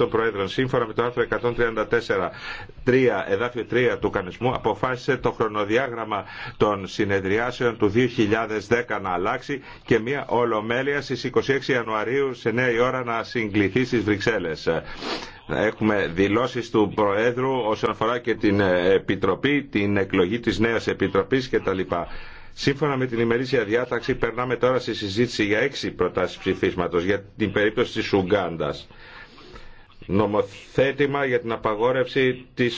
των Προέδρων, σύμφωνα με το άρθρο 134.3, εδάφιο 3 του Κανισμού αποφάσισε το χρονοδιάγραμμα των συνεδριάσεων του 2010 να αλλάξει και μια ολομέλεια στις 26 Ιανουαρίου σε 9 η ώρα να συγκληθεί στις Βρυξέλλες έχουμε δηλώσεις του Προέδρου όσον αφορά και την Επιτροπή, την εκλογή της νέας Επιτροπής κτλ. Σύμφωνα με την ημερήσια διάταξη περνάμε τώρα στη συζήτηση για έξι προτάσεις ψηφίσματος για την περίπτωση της Ουγγάντας νομοθέτημα για την απαγόρευση της